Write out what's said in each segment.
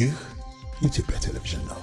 ይህ የኢትዮጵያ ቴሌቪዥን ነው።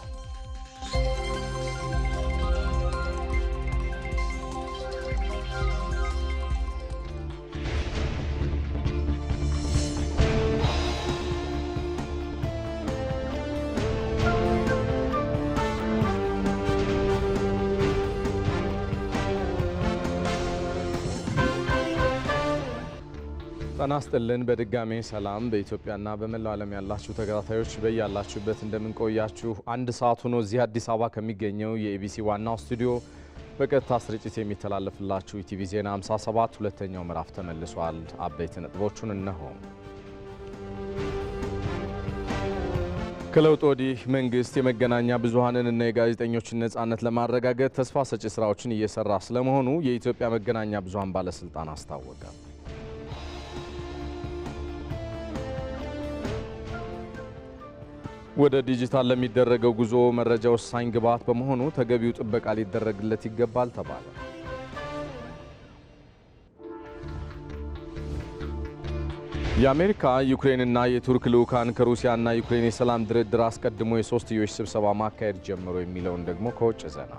ጤና ይስጥልን በድጋሜ ሰላም። በኢትዮጵያና በመላው ዓለም ያላችሁ ተከታታዮች በያላችሁበት እንደምንቆያችሁ አንድ ሰዓት ሆኖ እዚህ አዲስ አበባ ከሚገኘው የኢቢሲ ዋናው ስቱዲዮ በቀጥታ ስርጭት የሚተላለፍላችሁ ኢቲቪ ዜና 57 ሁለተኛው ምዕራፍ ተመልሷል። አበይት ነጥቦቹን እነሆ። ከለውጥ ወዲህ መንግስት የመገናኛ ብዙሃንንና እና የጋዜጠኞችን ነጻነት ለማረጋገጥ ተስፋ ሰጪ ስራዎችን እየሰራ ስለመሆኑ የኢትዮጵያ መገናኛ ብዙሃን ባለስልጣን አስታወቀ። ወደ ዲጂታል ለሚደረገው ጉዞ መረጃ ወሳኝ ግብዓት በመሆኑ ተገቢው ጥበቃ ሊደረግለት ይገባል ተባለ። የአሜሪካ ዩክሬንና የቱርክ ልዑካን ከሩሲያና ዩክሬን የሰላም ድርድር አስቀድሞ የሶስትዮሽ ስብሰባ ማካሄድ ጀምሮ የሚለውን ደግሞ ከውጭ ዘና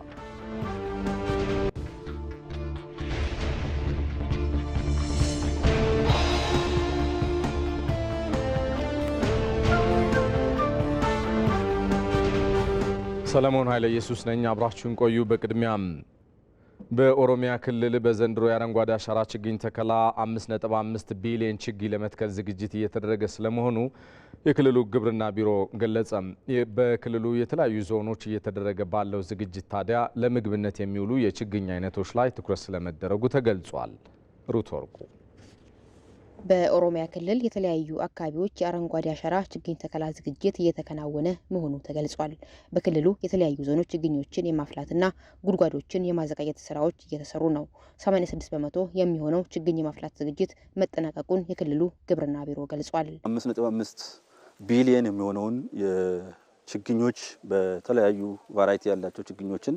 ሰለሞን ኃይለ ኢየሱስ ነኝ። አብራችሁን ቆዩ። በቅድሚያም በኦሮሚያ ክልል በዘንድሮ የአረንጓዴ አሻራ ችግኝ ተከላ 5.5 ቢሊዮን ችግኝ ለመትከል ዝግጅት እየተደረገ ስለመሆኑ የክልሉ ግብርና ቢሮ ገለጸ። በክልሉ የተለያዩ ዞኖች እየተደረገ ባለው ዝግጅት ታዲያ ለምግብነት የሚውሉ የችግኝ አይነቶች ላይ ትኩረት ስለመደረጉ ተገልጿል። ሩት ወርቁ በኦሮሚያ ክልል የተለያዩ አካባቢዎች የአረንጓዴ አሻራ ችግኝ ተከላ ዝግጅት እየተከናወነ መሆኑ ተገልጿል። በክልሉ የተለያዩ ዞኖች ችግኞችን የማፍላትና ጉድጓዶችን የማዘጋጀት ስራዎች እየተሰሩ ነው። 86 በመቶ የሚሆነው ችግኝ የማፍላት ዝግጅት መጠናቀቁን የክልሉ ግብርና ቢሮ ገልጿል። 5.5 ቢሊየን የሚሆነውን ችግኞች በተለያዩ ቫራይቲ ያላቸው ችግኞችን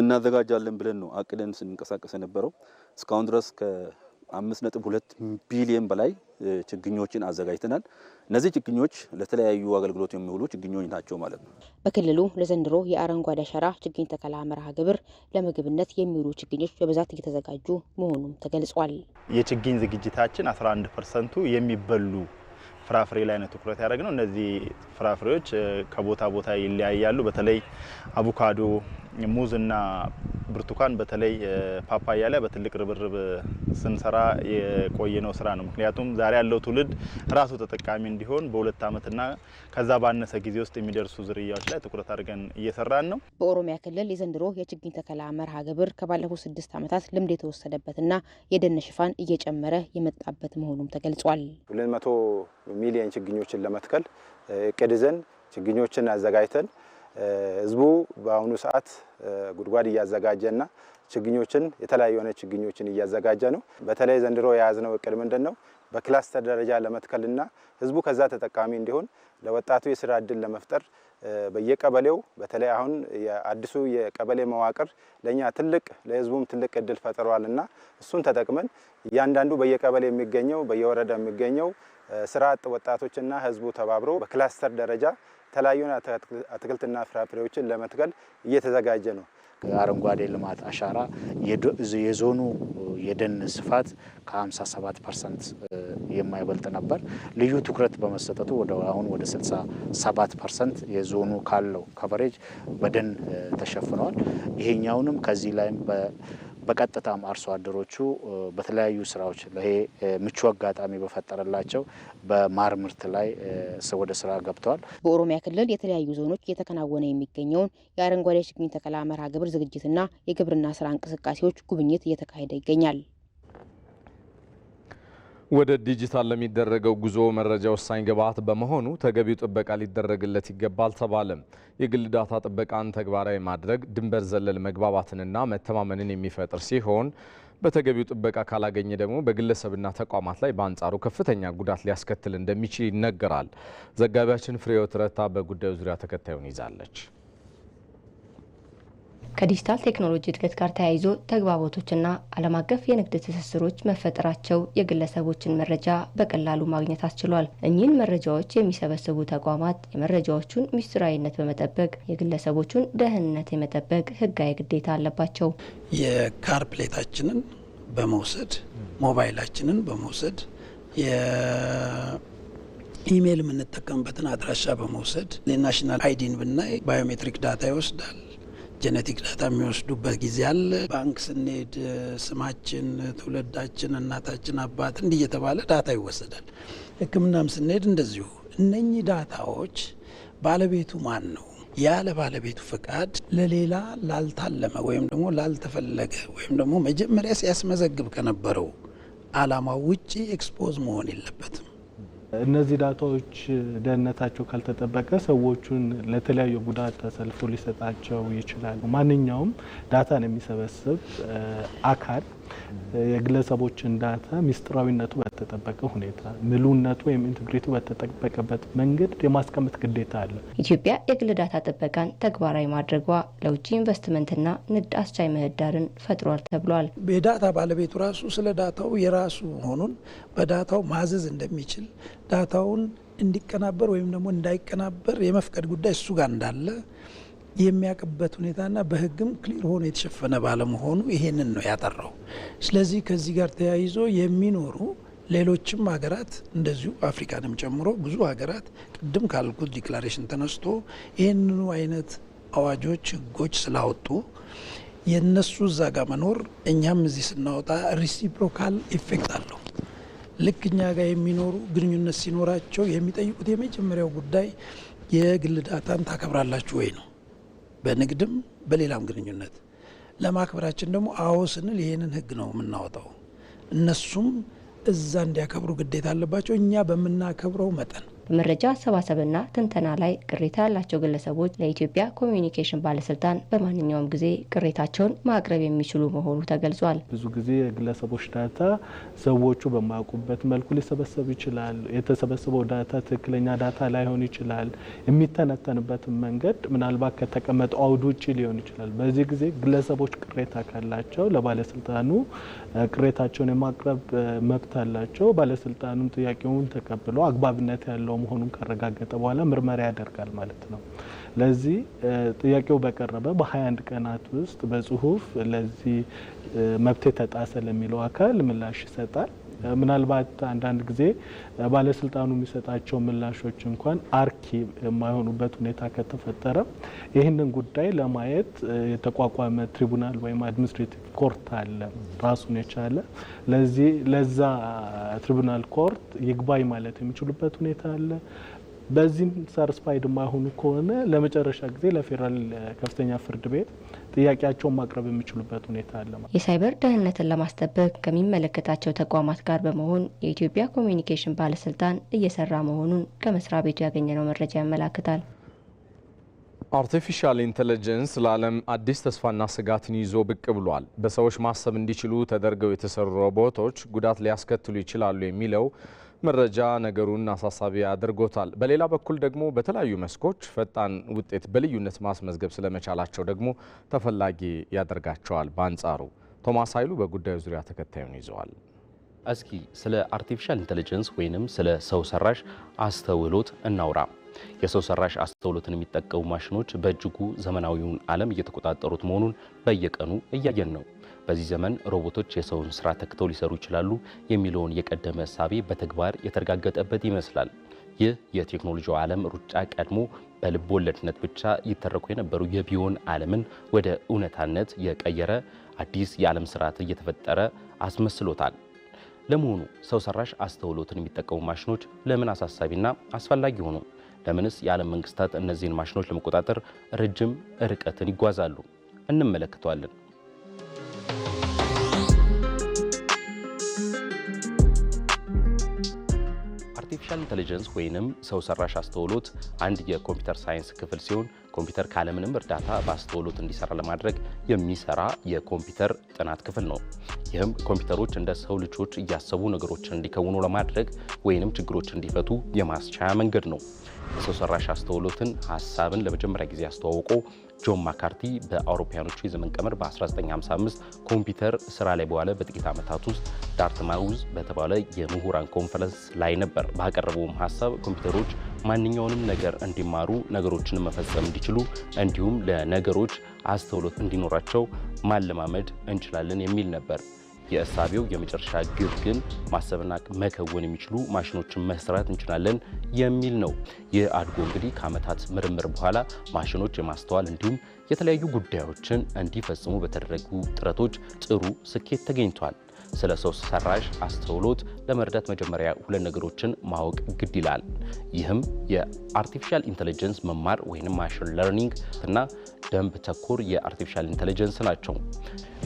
እናዘጋጃለን ብለን ነው አቅደን ስንንቀሳቀስ የነበረው እስካሁን ድረስ አምስት ነጥብ ሁለት ቢሊየን በላይ ችግኞችን አዘጋጅተናል። እነዚህ ችግኞች ለተለያዩ አገልግሎት የሚውሉ ችግኞች ናቸው ማለት ነው። በክልሉ ለዘንድሮ የአረንጓዴ አሻራ ችግኝ ተከላ መርሃ ግብር ለምግብነት የሚውሉ ችግኞች በብዛት እየተዘጋጁ መሆኑም ተገልጿል። የችግኝ ዝግጅታችን 11 ፐርሰንቱ የሚበሉ ፍራፍሬ ላይ ነው ትኩረት ነው። እነዚህ ፍራፍሬዎች ከቦታ ቦታ ይለያያሉ። በተለይ አቮካዶ፣ ሙዝ እና ብርቱካን በተለይ ፓፓያ ላይ በትልቅ ርብርብ ስንሰራ የቆየነው ስራ ነው። ምክንያቱም ዛሬ ያለው ትውልድ ራሱ ተጠቃሚ እንዲሆን በሁለት ዓመትና ከዛ ባነሰ ጊዜ ውስጥ የሚደርሱ ዝርያዎች ላይ ትኩረት አድርገን እየሰራን ነው። በኦሮሚያ ክልል የዘንድሮ የችግኝ ተከላ መርሃ ግብር ከባለፉት ስድስት ዓመታት ልምድ የተወሰደበትና የደን ሽፋን እየጨመረ የመጣበት መሆኑም ተገልጿል። ሁለት መቶ ሚሊየን ችግኞችን ለመትከል እቅድ ይዘን ችግኞችን አዘጋጅተን ህዝቡ በአሁኑ ሰዓት ጉድጓድ እያዘጋጀና ችግኞችን የተለያዩ የሆነ ችግኞችን እያዘጋጀ ነው። በተለይ ዘንድሮ የያዝነው እቅድ ምንድን ነው? በክላስተር ደረጃ ለመትከልና ህዝቡ ከዛ ተጠቃሚ እንዲሆን ለወጣቱ የስራ እድል ለመፍጠር በየቀበሌው በተለይ አሁን የአዲሱ የቀበሌ መዋቅር ለእኛ ትልቅ ለህዝቡም ትልቅ እድል ፈጥሯል እና እሱን ተጠቅመን እያንዳንዱ በየቀበሌ የሚገኘው በየወረዳ የሚገኘው ስራ አጥ ወጣቶችና ህዝቡ ተባብሮ በክላስተር ደረጃ የተለያዩ አትክልትና ፍራፍሬዎችን ለመትከል እየተዘጋጀ ነው። አረንጓዴ ልማት አሻራ የዞኑ የደን ስፋት ከ57 ፐርሰንት የማይበልጥ ነበር። ልዩ ትኩረት በመሰጠቱ ወደ አሁን ወደ 67 ፐርሰንት የዞኑ ካለው ከቨሬጅ በደን ተሸፍነዋል። ይሄኛውንም ከዚህ ላይም በቀጥታም አርሶ አደሮቹ በተለያዩ ስራዎች ይሄ ምቹ አጋጣሚ በፈጠረላቸው በማር ምርት ላይ ወደ ስራ ገብተዋል። በኦሮሚያ ክልል የተለያዩ ዞኖች እየተከናወነ የሚገኘውን የአረንጓዴ ችግኝ ተከላ መርሃ ግብር ዝግጅትና የግብርና ስራ እንቅስቃሴዎች ጉብኝት እየተካሄደ ይገኛል። ወደ ዲጂታል ለሚደረገው ጉዞ መረጃ ወሳኝ ግብዓት በመሆኑ ተገቢው ጥበቃ ሊደረግለት ይገባል ተባለ። የግል ዳታ ጥበቃን ተግባራዊ ማድረግ ድንበር ዘለል መግባባትንና መተማመንን የሚፈጥር ሲሆን በተገቢው ጥበቃ ካላገኘ ደግሞ በግለሰብና ተቋማት ላይ በአንጻሩ ከፍተኛ ጉዳት ሊያስከትል እንደሚችል ይነገራል። ዘጋቢያችን ፍሬሕይወት ረታ በጉዳዩ ዙሪያ ተከታዩን ይዛለች። ከዲጂታል ቴክኖሎጂ እድገት ጋር ተያይዞ ተግባቦቶችና ዓለም አቀፍ የንግድ ትስስሮች መፈጠራቸው የግለሰቦችን መረጃ በቀላሉ ማግኘት አስችሏል። እኚህን መረጃዎች የሚሰበስቡ ተቋማት የመረጃዎቹን ሚስጥራዊነት በመጠበቅ የግለሰቦቹን ደህንነት የመጠበቅ ህጋዊ ግዴታ አለባቸው። የካር ፕሌታችንን በመውሰድ ሞባይላችንን በመውሰድ የኢሜይል የምንጠቀምበትን አድራሻ በመውሰድ ናሽናል አይዲን ብናይ ባዮሜትሪክ ዳታ ይወስዳል። ጄኔቲክ ዳታ የሚወስዱበት ጊዜ አለ። ባንክ ስንሄድ ስማችን፣ ትውልዳችን፣ እናታችን፣ አባት እንዲህ እየተባለ ዳታ ይወሰዳል። ሕክምናም ስንሄድ እንደዚሁ። እነኚህ ዳታዎች ባለቤቱ ማን ነው? ያለ ባለቤቱ ፈቃድ ለሌላ ላልታለመ ወይም ደግሞ ላልተፈለገ ወይም ደግሞ መጀመሪያ ሲያስመዘግብ ከነበረው ዓላማው ውጪ ኤክስፖዝ መሆን የለበትም። እነዚህ ዳታዎች ደህንነታቸው ካልተጠበቀ ሰዎቹን ለተለያዩ ጉዳት ተሰልፎ ሊሰጣቸው ይችላል። ማንኛውም ዳታን የሚሰበስብ አካል የግለሰቦችን ዳታ ሚስጥራዊነቱ በተጠበቀ ሁኔታ ምሉነቱ ወይም ኢንቴግሪቱ በተጠበቀበት መንገድ የማስቀመጥ ግዴታ አለ። ኢትዮጵያ የግል ዳታ ጥበቃን ተግባራዊ ማድረጓ ለውጭ ኢንቨስትመንትና ንግድ አስቻይ ምህዳርን ፈጥሯል ተብሏል። የዳታ ባለቤቱ ራሱ ስለ ዳታው የራሱ መሆኑን በዳታው ማዘዝ እንደሚችል ዳታውን እንዲቀናበር ወይም ደግሞ እንዳይቀናበር የመፍቀድ ጉዳይ እሱ ጋር እንዳለ የሚያቅበት ሁኔታና በህግም ክሊር ሆኖ የተሸፈነ ባለመሆኑ ይሄንን ነው ያጠራው። ስለዚህ ከዚህ ጋር ተያይዞ የሚኖሩ ሌሎችም ሀገራት እንደዚሁ አፍሪካንም ጨምሮ ብዙ ሀገራት ቅድም ካልኩት ዲክላሬሽን ተነስቶ ይህንኑ አይነት አዋጆች፣ ህጎች ስላወጡ የእነሱ እዛ ጋር መኖር እኛም እዚህ ስናወጣ ሪሲፕሮካል ኢፌክት አለው። ልክ እኛ ጋር የሚኖሩ ግንኙነት ሲኖራቸው የሚጠይቁት የመጀመሪያው ጉዳይ የግል ዳታን ታከብራላችሁ ወይ ነው። በንግድም በሌላም ግንኙነት ለማክበራችን ደግሞ አዎ ስንል ይሄንን ህግ ነው የምናወጣው። እነሱም እዛ እንዲያከብሩ ግዴታ አለባቸው። እኛ በምናከብረው መጠን በመረጃ አሰባሰብና ትንተና ላይ ቅሬታ ያላቸው ግለሰቦች ለኢትዮጵያ ኮሚኒኬሽን ባለስልጣን በማንኛውም ጊዜ ቅሬታቸውን ማቅረብ የሚችሉ መሆኑ ተገልጿል። ብዙ ጊዜ የግለሰቦች ዳታ ሰዎቹ በማያውቁበት መልኩ ሊሰበሰቡ ይችላል። የተሰበሰበው ዳታ ትክክለኛ ዳታ ላይሆን ይችላል። የሚተነተንበትን መንገድ ምናልባት ከተቀመጠው አውድ ውጭ ሊሆን ይችላል። በዚህ ጊዜ ግለሰቦች ቅሬታ ካላቸው ለባለስልጣኑ ቅሬታቸውን የማቅረብ መብት አላቸው። ባለስልጣኑም ጥያቄውን ተቀብሎ አግባብነት ያለው ያለው መሆኑን ካረጋገጠ በኋላ ምርመራ ያደርጋል ማለት ነው። ለዚህ ጥያቄው በቀረበ በ21 ቀናት ውስጥ በጽሁፍ ለዚህ መብት ተጣሰ ለሚለው አካል ምላሽ ይሰጣል። ምናልባት አንዳንድ ጊዜ ባለስልጣኑ የሚሰጣቸው ምላሾች እንኳን አርኪ የማይሆኑበት ሁኔታ ከተፈጠረ ይህንን ጉዳይ ለማየት የተቋቋመ ትሪቡናል ወይም አድሚኒስትሬቲቭ ኮርት አለ ራሱን የቻለ። ለዚህ ለዛ ትሪቡናል ኮርት ይግባኝ ማለት የሚችሉበት ሁኔታ አለ። በዚህም ሳርስፓይድ ማይሆኑ ከሆነ ለመጨረሻ ጊዜ ለፌዴራል ከፍተኛ ፍርድ ቤት ጥያቄያቸውን ማቅረብ የሚችሉበት ሁኔታ አለ። የሳይበር ደህንነትን ለማስጠበቅ ከሚመለከታቸው ተቋማት ጋር በመሆን የኢትዮጵያ ኮሚኒኬሽን ባለስልጣን እየሰራ መሆኑን ከመስሪያ ቤቱ ያገኘነው መረጃ ያመላክታል። አርቲፊሻል ኢንቴሊጀንስ ለዓለም አዲስ ተስፋና ስጋትን ይዞ ብቅ ብሏል። በሰዎች ማሰብ እንዲችሉ ተደርገው የተሰሩ ሮቦቶች ጉዳት ሊያስከትሉ ይችላሉ የሚለው መረጃ ነገሩን አሳሳቢ አድርጎታል። በሌላ በኩል ደግሞ በተለያዩ መስኮች ፈጣን ውጤት በልዩነት ማስመዝገብ ስለመቻላቸው ደግሞ ተፈላጊ ያደርጋቸዋል። በአንጻሩ ቶማስ ኃይሉ በጉዳዩ ዙሪያ ተከታዩን ይዘዋል። እስኪ ስለ አርቲፊሻል ኢንቴሊጀንስ ወይንም ስለ ሰው ሰራሽ አስተውሎት እናውራ። የሰው ሰራሽ አስተውሎትን የሚጠቀሙ ማሽኖች በእጅጉ ዘመናዊውን ዓለም እየተቆጣጠሩት መሆኑን በየቀኑ እያየን ነው። በዚህ ዘመን ሮቦቶች የሰውን ስራ ተክተው ሊሰሩ ይችላሉ የሚለውን የቀደመ እሳቤ በተግባር የተረጋገጠበት ይመስላል። ይህ የቴክኖሎጂው ዓለም ሩጫ ቀድሞ በልብ ወለድነት ብቻ ይተረኩ የነበሩ የቢሆን ዓለምን ወደ እውነታነት የቀየረ አዲስ የዓለም ስርዓት እየተፈጠረ አስመስሎታል። ለመሆኑ ሰው ሰራሽ አስተውሎትን የሚጠቀሙ ማሽኖች ለምን አሳሳቢና አስፈላጊ ሆኑ? ለምንስ የዓለም መንግስታት እነዚህን ማሽኖች ለመቆጣጠር ረጅም ርቀትን ይጓዛሉ? እንመለከተዋለን። አርቲፊሻል ኢንተለጀንስ ወይንም ሰው ሰራሽ አስተውሎት አንድ የኮምፒውተር ሳይንስ ክፍል ሲሆን ኮምፒውተር ካለምንም እርዳታ በአስተውሎት እንዲሰራ ለማድረግ የሚሰራ የኮምፒውተር ጥናት ክፍል ነው። ይህም ኮምፒውተሮች እንደ ሰው ልጆች እያሰቡ ነገሮችን እንዲከውኑ ለማድረግ ወይንም ችግሮች እንዲፈቱ የማስቻያ መንገድ ነው። ሰው ሰራሽ አስተውሎትን ሀሳብን ለመጀመሪያ ጊዜ አስተዋውቆ ጆን ማካርቲ በአውሮፓውያኖቹ የዘመን ቀመር በ1955 ኮምፒውተር ስራ ላይ በዋለ በጥቂት ዓመታት ውስጥ ዳርትማውዝ በተባለ የምሁራን ኮንፈረንስ ላይ ነበር። ባቀረበውም ሀሳብ ኮምፒውተሮች ማንኛውንም ነገር እንዲማሩ፣ ነገሮችን መፈጸም እንዲችሉ፣ እንዲሁም ለነገሮች አስተውሎት እንዲኖራቸው ማለማመድ እንችላለን የሚል ነበር። የእሳቤው የመጨረሻ ግብ ግን ማሰብና መከወን የሚችሉ ማሽኖችን መስራት እንችላለን የሚል ነው። ይህ አድጎ እንግዲህ ከዓመታት ምርምር በኋላ ማሽኖች የማስተዋል እንዲሁም የተለያዩ ጉዳዮችን እንዲፈጽሙ በተደረጉ ጥረቶች ጥሩ ስኬት ተገኝቷል። ስለ ሰው ሰራሽ አስተውሎት ለመረዳት መጀመሪያ ሁለት ነገሮችን ማወቅ ግድ ይላል። ይህም የአርቲፊሻል ኢንተለጀንስ መማር ወይም ማሽን ለርኒንግ እና ደንብ ተኮር የአርቲፊሻል ኢንተለጀንስ ናቸው።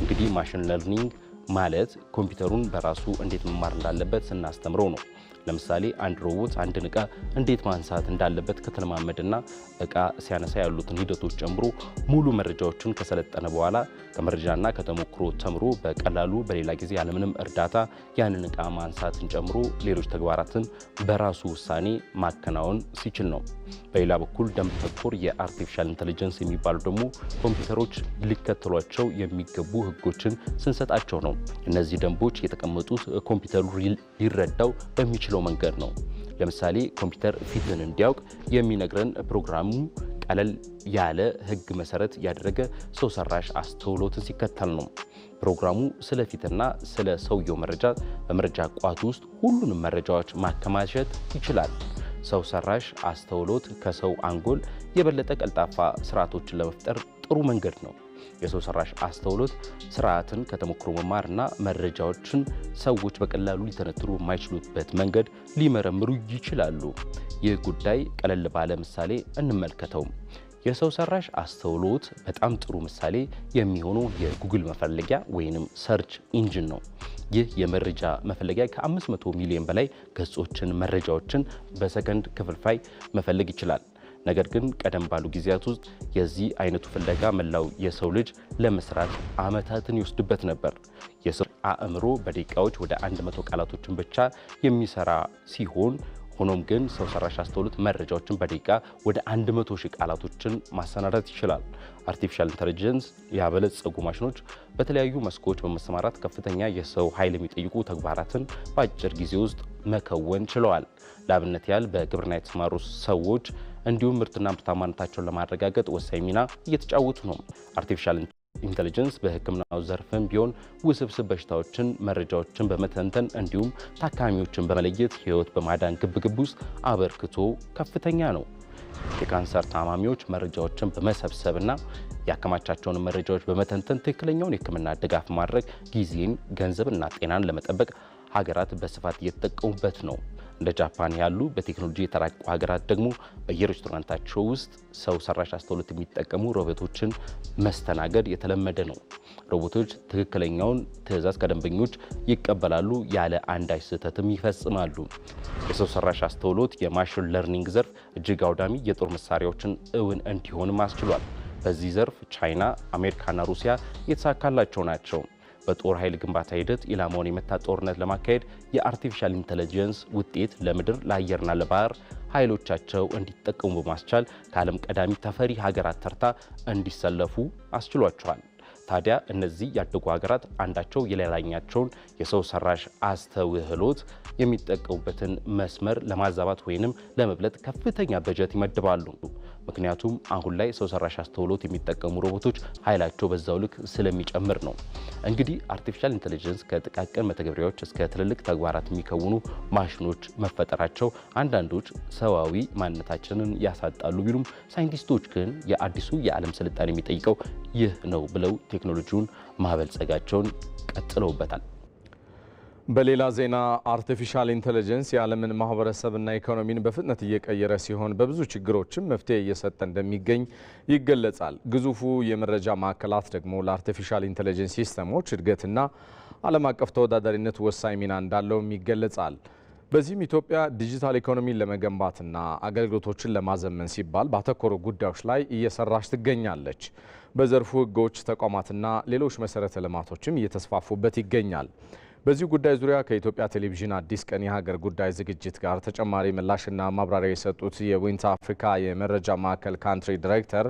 እንግዲህ ማሽን ለርኒንግ ማለት ኮምፒውተሩን በራሱ እንዴት መማር እንዳለበት ስናስተምረው ነው። ለምሳሌ አንድ ሮቦት አንድን እቃ እንዴት ማንሳት እንዳለበት ከተለማመደና እቃ ሲያነሳ ያሉትን ሂደቶች ጨምሮ ሙሉ መረጃዎችን ከሰለጠነ በኋላ ከመረጃና ከተሞክሮ ተምሮ በቀላሉ በሌላ ጊዜ ያለምንም እርዳታ ያንን እቃ ማንሳትን ጨምሮ ሌሎች ተግባራትን በራሱ ውሳኔ ማከናወን ሲችል ነው። በሌላ በኩል ደንብ ተኮር የአርቲፊሻል ኢንቴሊጀንስ የሚባሉ ደግሞ ኮምፒውተሮች ሊከተሏቸው የሚገቡ ህጎችን ስንሰጣቸው ነው። እነዚህ ደንቦች የተቀመጡት ኮምፒውተሩ ሊረዳው በሚችለው መንገድ ነው። ለምሳሌ ኮምፒውተር ፊትን እንዲያውቅ የሚነግረን ፕሮግራሙ ቀለል ያለ ህግ መሰረት ያደረገ ሰው ሰራሽ አስተውሎትን ሲከተል ነው። ፕሮግራሙ ስለ ፊትና ስለ ሰውየው መረጃ በመረጃ ቋቱ ውስጥ ሁሉንም መረጃዎች ማከማቸት ይችላል። ሰው ሰራሽ አስተውሎት ከሰው አንጎል የበለጠ ቀልጣፋ ስርዓቶችን ለመፍጠር ጥሩ መንገድ ነው። የሰው ሰራሽ አስተውሎት ስርዓትን ከተሞክሮ መማርና መረጃዎችን ሰዎች በቀላሉ ሊተነትሩ የማይችሉበት መንገድ ሊመረምሩ ይችላሉ። ይህ ጉዳይ ቀለል ባለ ምሳሌ እንመልከተውም። የሰው ሰራሽ አስተውሎት በጣም ጥሩ ምሳሌ የሚሆኑ የጉግል መፈለጊያ ወይንም ሰርች ኢንጂን ነው። ይህ የመረጃ መፈለጊያ ከ500 ሚሊዮን በላይ ገጾችን መረጃዎችን በሰከንድ ክፍልፋይ መፈለግ ይችላል። ነገር ግን ቀደም ባሉ ጊዜያት ውስጥ የዚህ አይነቱ ፍለጋ መላው የሰው ልጅ ለመስራት አመታትን ይወስድበት ነበር። የሰው አእምሮ በደቂቃዎች ወደ 100 ቃላቶችን ብቻ የሚሰራ ሲሆን ሆኖም ግን ሰው ሰራሽ አስተውሎት መረጃዎችን በደቂቃ ወደ 100 ሺህ ቃላቶችን ማሰናዳት ይችላል። አርቲፊሻል ኢንተለጀንስ ያበለጸጉ ማሽኖች በተለያዩ መስኮች በመሰማራት ከፍተኛ የሰው ኃይል የሚጠይቁ ተግባራትን በአጭር ጊዜ ውስጥ መከወን ችለዋል። ለአብነት ያህል በግብርና የተሰማሩ ሰዎች እንዲሁም ምርትና ምርታማነታቸውን ለማረጋገጥ ወሳኝ ሚና እየተጫወቱ ነው። አርቲፊሻል ኢንቴሊጀንስ በሕክምናው ዘርፍም ቢሆን ውስብስብ በሽታዎችን መረጃዎችን በመተንተን እንዲሁም ታካሚዎችን በመለየት ህይወት በማዳን ግብግብ ውስጥ አበርክቶ ከፍተኛ ነው። የካንሰር ታማሚዎች መረጃዎችን በመሰብሰብና ያከማቻቸውን መረጃዎች በመተንተን ትክክለኛውን የሕክምና ድጋፍ ማድረግ ጊዜን፣ ገንዘብና ጤናን ለመጠበቅ ሀገራት በስፋት እየተጠቀሙበት ነው። እንደ ጃፓን ያሉ በቴክኖሎጂ የተራቀቁ ሀገራት ደግሞ በየሬስቶራንታቸው ውስጥ ሰው ሰራሽ አስተውሎት የሚጠቀሙ ሮቦቶችን መስተናገድ የተለመደ ነው። ሮቦቶች ትክክለኛውን ትዕዛዝ ከደንበኞች ይቀበላሉ፣ ያለ አንዳች ስህተትም ይፈጽማሉ። የሰው ሰራሽ አስተውሎት የማሽን ለርኒንግ ዘርፍ እጅግ አውዳሚ የጦር መሳሪያዎችን እውን እንዲሆንም አስችሏል። በዚህ ዘርፍ ቻይና፣ አሜሪካና ሩሲያ የተሳካላቸው ናቸው። በጦር ኃይል ግንባታ ሂደት ኢላማውን የመታ ጦርነት ለማካሄድ የአርቲፊሻል ኢንተለጀንስ ውጤት ለምድር ለአየርና ለባህር ኃይሎቻቸው እንዲጠቀሙ በማስቻል ከዓለም ቀዳሚ ተፈሪ ሀገራት ተርታ እንዲሰለፉ አስችሏቸዋል። ታዲያ እነዚህ ያደጉ ሀገራት አንዳቸው የሌላኛቸውን የሰው ሰራሽ አስተውህሎት የሚጠቀሙበትን መስመር ለማዛባት ወይንም ለመብለጥ ከፍተኛ በጀት ይመድባሉ። ምክንያቱም አሁን ላይ ሰው ሰራሽ አስተውሎት የሚጠቀሙ ሮቦቶች ኃይላቸው በዛው ልክ ስለሚጨምር ነው። እንግዲህ አርቲፊሻል ኢንቴሊጀንስ ከጥቃቅን መተግበሪያዎች እስከ ትልልቅ ተግባራት የሚከውኑ ማሽኖች መፈጠራቸው አንዳንዶች ሰዋዊ ማንነታችንን ያሳጣሉ ቢሉም ሳይንቲስቶች ግን የአዲሱ የዓለም ስልጣን የሚጠይቀው ይህ ነው ብለው ቴክኖሎጂውን ማበልጸጋቸውን ቀጥለውበታል። በሌላ ዜና አርቲፊሻል ኢንቴሊጀንስ የዓለምን ማህበረሰብና ኢኮኖሚን በፍጥነት እየቀየረ ሲሆን በብዙ ችግሮችም መፍትሄ እየሰጠ እንደሚገኝ ይገለጻል። ግዙፉ የመረጃ ማዕከላት ደግሞ ለአርቲፊሻል ኢንቴሊጀንስ ሲስተሞች እድገትና ዓለም አቀፍ ተወዳዳሪነት ወሳኝ ሚና እንዳለውም ይገለጻል። በዚህም ኢትዮጵያ ዲጂታል ኢኮኖሚን ለመገንባትና አገልግሎቶችን ለማዘመን ሲባል ባተኮሩ ጉዳዮች ላይ እየሰራች ትገኛለች። በዘርፉ ህጎች፣ ተቋማትና ሌሎች መሰረተ ልማቶችም እየተስፋፉበት ይገኛል። በዚህ ጉዳይ ዙሪያ ከኢትዮጵያ ቴሌቪዥን አዲስ ቀን የሀገር ጉዳይ ዝግጅት ጋር ተጨማሪ ምላሽና ማብራሪያ የሰጡት የዊንት አፍሪካ የመረጃ ማዕከል ካንትሪ ዲሬክተር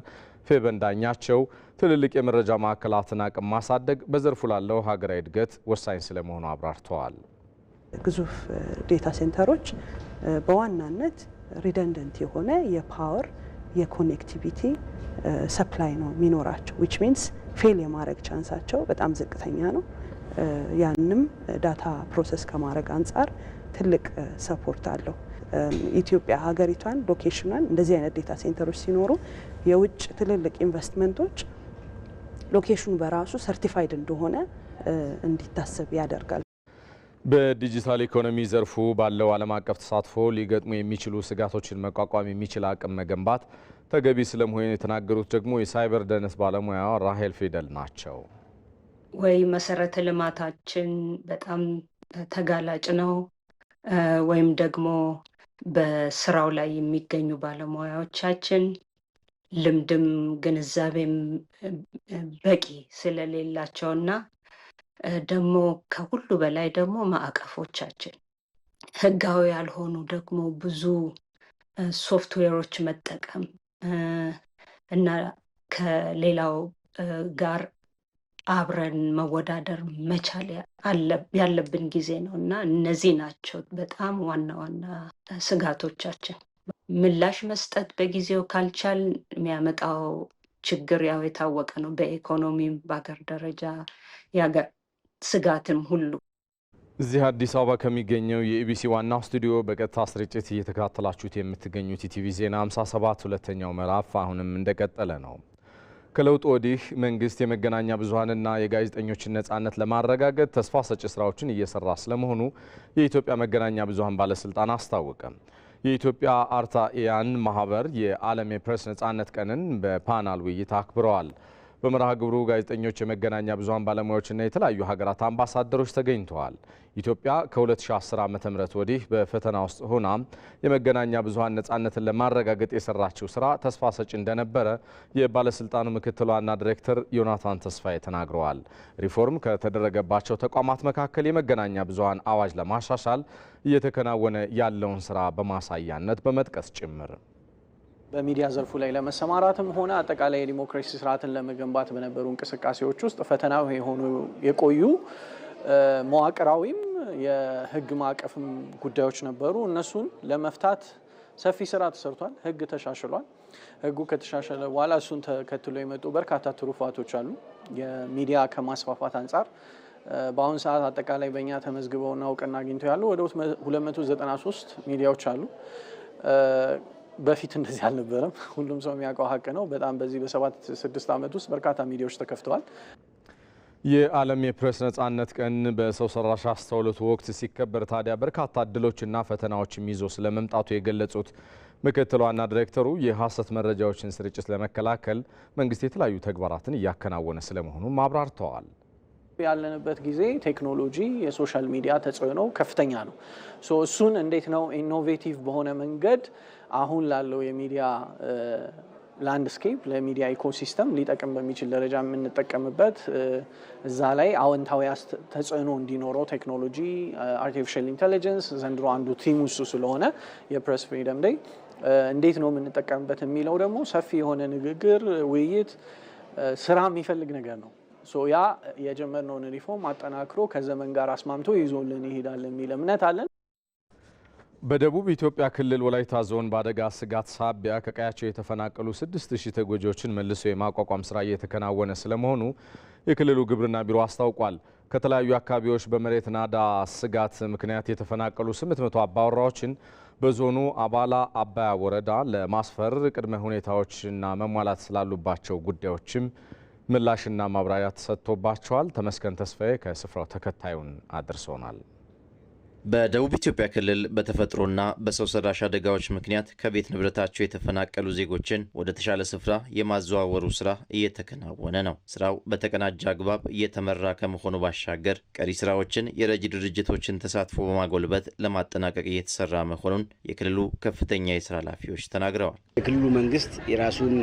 ፌበን ዳኛቸው ትልልቅ የመረጃ ማዕከላትን አቅም ማሳደግ በዘርፉ ላለው ሀገራዊ እድገት ወሳኝ ስለመሆኑ አብራርተዋል። ግዙፍ ዴታ ሴንተሮች በዋናነት ሪደንደንት የሆነ የፓወር የኮኔክቲቪቲ ሰፕላይ ነው የሚኖራቸው ዊች ሚንስ ፌል የማድረግ ቻንሳቸው በጣም ዝቅተኛ ነው። ያንም ዳታ ፕሮሰስ ከማድረግ አንጻር ትልቅ ሰፖርት አለው። ኢትዮጵያ ሀገሪቷን ሎኬሽኗን እንደዚህ አይነት ዴታ ሴንተሮች ሲኖሩ የውጭ ትልልቅ ኢንቨስትመንቶች ሎኬሽኑ በራሱ ሰርቲፋይድ እንደሆነ እንዲታሰብ ያደርጋል። በዲጂታል ኢኮኖሚ ዘርፉ ባለው ዓለም አቀፍ ተሳትፎ ሊገጥሙ የሚችሉ ስጋቶችን መቋቋም የሚችል አቅም መገንባት ተገቢ ስለመሆኑ የተናገሩት ደግሞ የሳይበር ደህንነት ባለሙያዋ ራሄል ፊደል ናቸው። ወይ መሰረተ ልማታችን በጣም ተጋላጭ ነው ወይም ደግሞ በስራው ላይ የሚገኙ ባለሙያዎቻችን ልምድም ግንዛቤም በቂ ስለሌላቸው እና ደግሞ ከሁሉ በላይ ደግሞ ማዕቀፎቻችን ህጋዊ ያልሆኑ ደግሞ ብዙ ሶፍትዌሮች መጠቀም እና ከሌላው ጋር አብረን መወዳደር መቻል ያለብን ጊዜ ነው እና እነዚህ ናቸው በጣም ዋና ዋና ስጋቶቻችን። ምላሽ መስጠት በጊዜው ካልቻል የሚያመጣው ችግር ያው የታወቀ ነው። በኢኮኖሚም በሀገር ደረጃ የሀገር ስጋትም ሁሉ እዚህ አዲስ አበባ ከሚገኘው የኢቢሲ ዋና ስቱዲዮ በቀጥታ ስርጭት እየተከታተላችሁት የምትገኙት ኢቲቪ ዜና 57 ሁለተኛው ምዕራፍ አሁንም እንደቀጠለ ነው። ከለውጡ ወዲህ መንግስት የመገናኛ ብዙኃንና የጋዜጠኞችን ነጻነት ለማረጋገጥ ተስፋ ሰጪ ስራዎችን እየሰራ ስለመሆኑ የኢትዮጵያ መገናኛ ብዙኃን ባለስልጣን አስታወቀ። የኢትዮጵያ አርታኢያን ማህበር የዓለም የፕሬስ ነጻነት ቀንን በፓናል ውይይት አክብረዋል። በመርሃ ግብሩ ጋዜጠኞች፣ የመገናኛ ብዙኃን ባለሙያዎችና የተለያዩ ሀገራት አምባሳደሮች ተገኝተዋል። ኢትዮጵያ ከ2010 ዓ ም ወዲህ በፈተና ውስጥ ሆና የመገናኛ ብዙሀን ነጻነትን ለማረጋገጥ የሰራችው ስራ ተስፋ ሰጪ እንደነበረ የባለስልጣኑ ምክትል ዋና ዲሬክተር ዮናታን ተስፋዬ ተናግረዋል። ሪፎርም ከተደረገባቸው ተቋማት መካከል የመገናኛ ብዙሀን አዋጅ ለማሻሻል እየተከናወነ ያለውን ስራ በማሳያነት በመጥቀስ ጭምር በሚዲያ ዘርፉ ላይ ለመሰማራትም ሆነ አጠቃላይ የዲሞክራሲ ስርዓትን ለመገንባት በነበሩ እንቅስቃሴዎች ውስጥ ፈተና የሆኑ የቆዩ መዋቅራዊም የህግ ማዕቀፍም ጉዳዮች ነበሩ። እነሱን ለመፍታት ሰፊ ስራ ተሰርቷል። ህግ ተሻሽሏል። ህጉ ከተሻሸለ በኋላ እሱን ተከትሎ የመጡ በርካታ ትሩፋቶች አሉ። የሚዲያ ከማስፋፋት አንጻር በአሁኑ ሰዓት አጠቃላይ በእኛ ተመዝግበውና እውቅና አግኝተው ያሉ ወደ 293 ሚዲያዎች አሉ። በፊት እንደዚህ አልነበረም። ሁሉም ሰው የሚያውቀው ሀቅ ነው። በጣም በዚህ በሰባት ስድስት ዓመት ውስጥ በርካታ ሚዲያዎች ተከፍተዋል። የዓለም የፕሬስ ነጻነት ቀን በሰው ሰራሽ አስተውሎት ወቅት ሲከበር ታዲያ በርካታ እድሎችና ፈተናዎችም ይዞ ስለመምጣቱ የገለጹት ምክትል ዋና ዲሬክተሩ የሐሰት መረጃዎችን ስርጭት ለመከላከል መንግስት የተለያዩ ተግባራትን እያከናወነ ስለመሆኑም አብራርተዋል። ያለንበት ጊዜ ቴክኖሎጂ፣ የሶሻል ሚዲያ ተጽዕኖ ከፍተኛ ነው። እሱን እንዴት ነው ኢኖቬቲቭ በሆነ መንገድ አሁን ላለው የሚዲያ ላንድስኬፕ ለሚዲያ ኢኮሲስተም ሊጠቅም በሚችል ደረጃ የምንጠቀምበት እዛ ላይ አዎንታዊ ተጽዕኖ እንዲኖረው ቴክኖሎጂ አርቲፊሻል ኢንቴሊጀንስ ዘንድሮ አንዱ ቲም ውሱ ስለሆነ የፕሬስ ፍሪደም ደይ እንዴት ነው የምንጠቀምበት የሚለው ደግሞ ሰፊ የሆነ ንግግር፣ ውይይት፣ ስራ የሚፈልግ ነገር ነው። ሶ ያ የጀመርነውን ሪፎርም አጠናክሮ ከዘመን ጋር አስማምቶ ይዞልን ይሄዳል የሚል እምነት አለን። በደቡብ ኢትዮጵያ ክልል ወላይታ ዞን በአደጋ ስጋት ሳቢያ ከቀያቸው የተፈናቀሉ 6000 ተጎጂዎችን መልሶ የማቋቋም ስራ እየተከናወነ ስለመሆኑ የክልሉ ግብርና ቢሮ አስታውቋል። ከተለያዩ አካባቢዎች በመሬት ናዳ ስጋት ምክንያት የተፈናቀሉ 800 አባወራዎችን በዞኑ አባላ አባያ ወረዳ ለማስፈር ቅድመ ሁኔታዎችና መሟላት ስላሉባቸው ጉዳዮችም ምላሽና ማብራሪያ ተሰጥቶባቸዋል። ተመስገን ተስፋዬ ከስፍራው ተከታዩን አድርሶናል። በደቡብ ኢትዮጵያ ክልል በተፈጥሮና በሰው ሰራሽ አደጋዎች ምክንያት ከቤት ንብረታቸው የተፈናቀሉ ዜጎችን ወደ ተሻለ ስፍራ የማዘዋወሩ ስራ እየተከናወነ ነው። ስራው በተቀናጀ አግባብ እየተመራ ከመሆኑ ባሻገር ቀሪ ስራዎችን የረጂ ድርጅቶችን ተሳትፎ በማጎልበት ለማጠናቀቅ እየተሰራ መሆኑን የክልሉ ከፍተኛ የስራ ኃላፊዎች ተናግረዋል። የክልሉ መንግስት የራሱን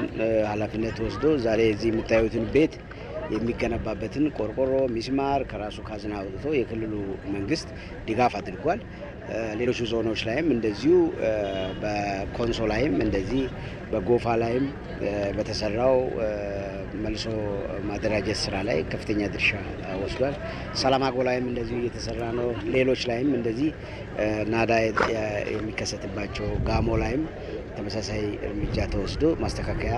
ኃላፊነት ወስዶ ዛሬ እዚህ የምታዩትን ቤት የሚገነባበትን ቆርቆሮ፣ ሚስማር ከራሱ ካዝና አውጥቶ የክልሉ መንግስት ድጋፍ አድርጓል። ሌሎቹ ዞኖች ላይም እንደዚሁ በኮንሶ ላይም እንደዚህ በጎፋ ላይም በተሰራው መልሶ ማደራጀት ስራ ላይ ከፍተኛ ድርሻ ወስዷል። ሰላማጎ ላይም እንደዚሁ እየተሰራ ነው። ሌሎች ላይም እንደዚህ ናዳ የሚከሰትባቸው ጋሞ ላይም ተመሳሳይ እርምጃ ተወስዶ ማስተካከያ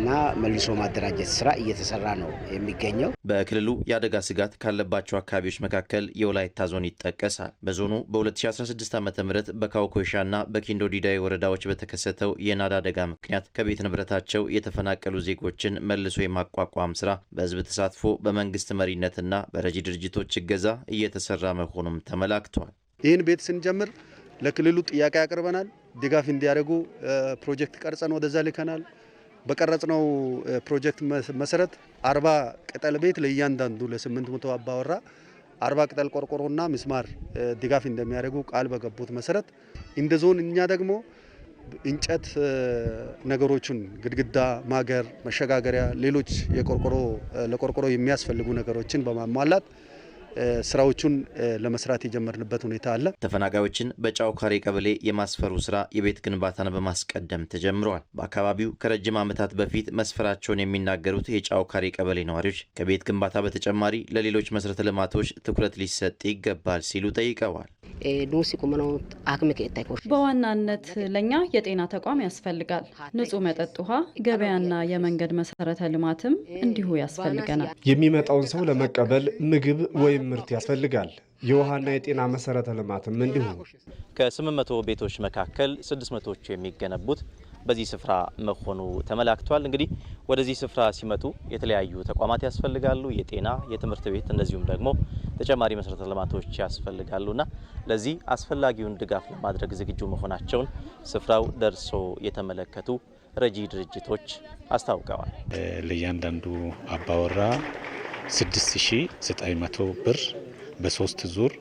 እና መልሶ ማደራጀት ስራ እየተሰራ ነው የሚገኘው። በክልሉ የአደጋ ስጋት ካለባቸው አካባቢዎች መካከል የወላይታ ዞን ይጠቀሳል። በዞኑ በ2016 ዓ ም በካውኮሻ እና በኪንዶ ዲዳይ ወረዳዎች በተከሰተው የናዳ አደጋ ምክንያት ከቤት ንብረታቸው የተፈናቀሉ ዜጎችን መልሶ የማቋቋም ስራ በህዝብ ተሳትፎ በመንግስት መሪነትና በረጂ ድርጅቶች እገዛ እየተሰራ መሆኑም ተመላክቷል። ይህን ቤት ስንጀምር ለክልሉ ጥያቄ ያቀርበናል ድጋፍ እንዲያደርጉ ፕሮጀክት ቀርጸን ወደዛ ልከናል። በቀረጽነው ፕሮጀክት መሰረት አርባ ቅጠል ቤት ለእያንዳንዱ ለስምንት መቶ አባወራ አርባ ቅጠል ቆርቆሮና ምስማር ድጋፍ እንደሚያደርጉ ቃል በገቡት መሰረት እንደ ዞን እኛ ደግሞ እንጨት ነገሮችን ግድግዳ፣ ማገር፣ መሸጋገሪያ፣ ሌሎች የቆርቆሮ ለቆርቆሮ የሚያስፈልጉ ነገሮችን በማሟላት ስራዎቹን ለመስራት የጀመርንበት ሁኔታ አለ። ተፈናቃዮችን በጫውካሬ ቀበሌ የማስፈሩ ስራ የቤት ግንባታን በማስቀደም ተጀምረዋል። በአካባቢው ከረጅም ዓመታት በፊት መስፈራቸውን የሚናገሩት የጫውካሬ ቀበሌ ነዋሪዎች ከቤት ግንባታ በተጨማሪ ለሌሎች መሰረተ ልማቶች ትኩረት ሊሰጥ ይገባል ሲሉ ጠይቀዋል። በዋናነት ለኛ የጤና ተቋም ያስፈልጋል። ንጹህ መጠጥ ውሃ፣ ገበያና የመንገድ መሰረተ ልማትም እንዲሁ ያስፈልገናል። የሚመጣውን ሰው ለመቀበል ምግብ ወይም የአግሪም ምርት ያስፈልጋል። የውሃና የጤና መሰረተ ልማትም እንዲሁ። ከ800 ቤቶች መካከል 600ዎቹ የሚገነቡት በዚህ ስፍራ መሆኑ ተመላክቷል። እንግዲህ ወደዚህ ስፍራ ሲመጡ የተለያዩ ተቋማት ያስፈልጋሉ። የጤና፣ የትምህርት ቤት እንደዚሁም ደግሞ ተጨማሪ መሰረተ ልማቶች ያስፈልጋሉና ለዚህ አስፈላጊውን ድጋፍ ለማድረግ ዝግጁ መሆናቸውን ስፍራው ደርሶ የተመለከቱ ረጂ ድርጅቶች አስታውቀዋል። ለእያንዳንዱ አባወራ 6900 ብር በሶስት ዙር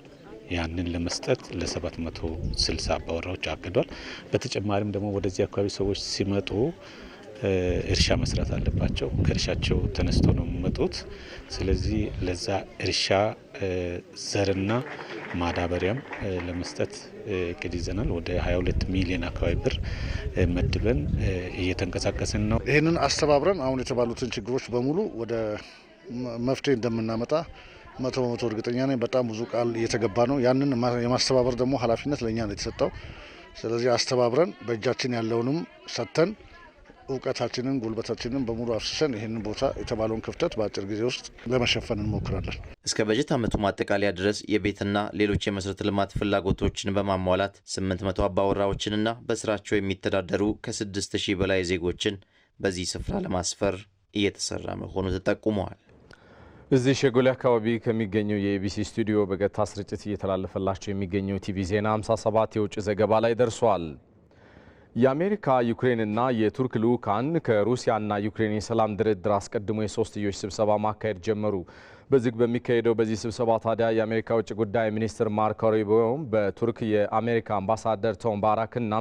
ያንን ለመስጠት ለ760 አባወራዎች አቅዷል። በተጨማሪም ደግሞ ወደዚህ አካባቢ ሰዎች ሲመጡ እርሻ መስራት አለባቸው። ከእርሻቸው ተነስተው ነው የሚመጡት። ስለዚህ ለዛ እርሻ ዘርና ማዳበሪያም ለመስጠት እቅድ ይዘናል። ወደ 22 ሚሊዮን አካባቢ ብር መድበን እየተንቀሳቀስን ነው። ይህንን አስተባብረን አሁን የተባሉትን ችግሮች በሙሉ ወደ መፍትሄ እንደምናመጣ መቶ በመቶ እርግጠኛ ነኝ። በጣም ብዙ ቃል እየተገባ ነው። ያንን የማስተባበር ደግሞ ኃላፊነት ለእኛ ነው የተሰጠው። ስለዚህ አስተባብረን በእጃችን ያለውንም ሰጥተን እውቀታችንን ጉልበታችንን በሙሉ አፍስሰን ይህንን ቦታ የተባለውን ክፍተት በአጭር ጊዜ ውስጥ ለመሸፈን እንሞክራለን። እስከ በጀት ዓመቱ ማጠቃለያ ድረስ የቤትና ሌሎች የመሰረተ ልማት ፍላጎቶችን በማሟላት 800 አባወራዎችንና በስራቸው የሚተዳደሩ ከ6000 በላይ ዜጎችን በዚህ ስፍራ ለማስፈር እየተሰራ መሆኑ ተጠቁመዋል። እዚህ ሸጎሌ አካባቢ ከሚገኘው የኢቢሲ ስቱዲዮ በቀጥታ ስርጭት እየተላለፈላቸው የሚገኘው ቲቪ ዜና 57 የውጭ ዘገባ ላይ ደርሷል። የአሜሪካ ዩክሬንና የቱርክ ልዑካን ከሩሲያና ዩክሬን የሰላም ድርድር አስቀድሞ የሶስትዮሽ ስብሰባ ማካሄድ ጀመሩ። በዚህ በሚካሄደው በዚህ ስብሰባ ታዲያ የአሜሪካ ውጭ ጉዳይ ሚኒስትር ማርኮ ሩቢዮ በቱርክ የአሜሪካ አምባሳደር ቶም ባራክና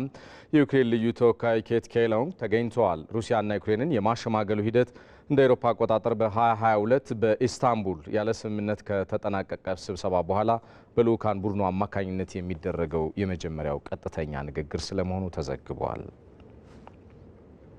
የዩክሬን ልዩ ተወካይ ኬት ኬሎን ተገኝተዋል። ሩሲያና ዩክሬንን የማሸማገሉ ሂደት እንደ ኤሮፓ አቆጣጠር በ2022 በኢስታንቡል ያለ ስምምነት ከተጠናቀቀ ስብሰባ በኋላ በልኡካን ቡድኑ አማካኝነት የሚደረገው የመጀመሪያው ቀጥተኛ ንግግር ስለመሆኑ ተዘግቧል።